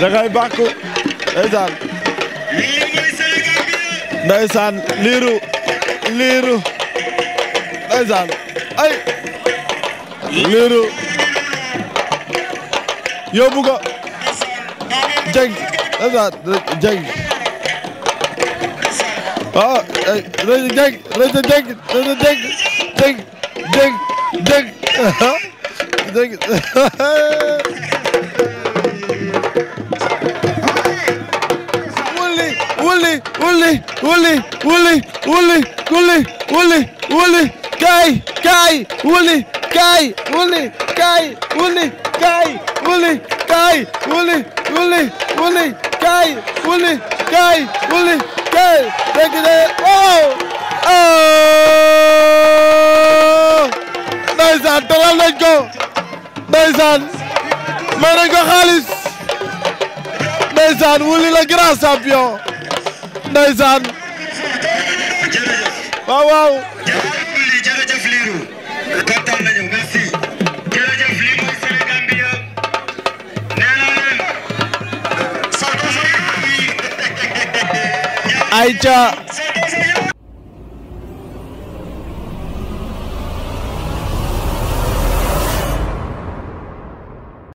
da ngay bàkku ndeysaan ndeysaan liiru liiru ndeysaan ay liiru yóbbu ko jeng ndeysaan jeng waaw ah, jeng jeng jeng jeng wuli wuli wuli wuli wuli wuli wuli wuli kaay kaay wuli kaay wuli kaay wuli kaay wuli kaay wuli wuli wuli kaay wuli kaay wuli kaay dégg nga oh oh ndeysaan dalal nañ ko ndeysaan may nañ ko xaalis ndeysaan wuli la grand champion ndeysaan waaw waaw jërëjëf Lirou kontaan nañu merci jërëjëf lii mooy Sénégal bi ya nee naa leen ay ca